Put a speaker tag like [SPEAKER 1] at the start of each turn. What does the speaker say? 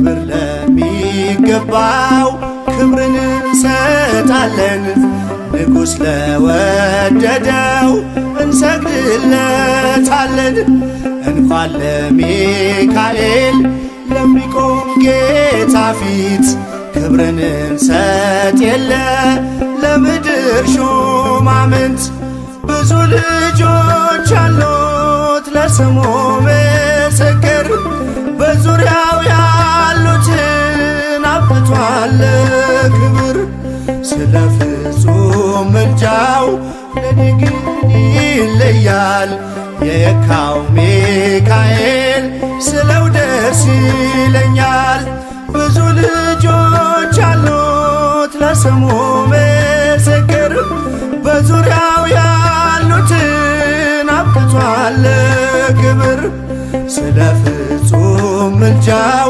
[SPEAKER 1] ክብር ለሚገባው ክብርን እንሰጣለን። ንጉሥ ለወደደው እንሰግድለታለን። እንኳን ለሚካኤል ለሚቆም ጌታ ፊት ክብርን እንሰጥ የለ ለምድር ሹማምንት ብዙ ልጆች አሉት ለስሙ ተሰጥቷል ክብር ስለ ፍጹም ምልጃው ለድግድ ይለያል የካው ሚካኤል ስለው ደስ ይለኛል ብዙ ልጆች አሉት ለስሙ ምስክር በዙሪያው ያሉትን አብቅቷል ክብር ስለ ፍጹም ምልጃው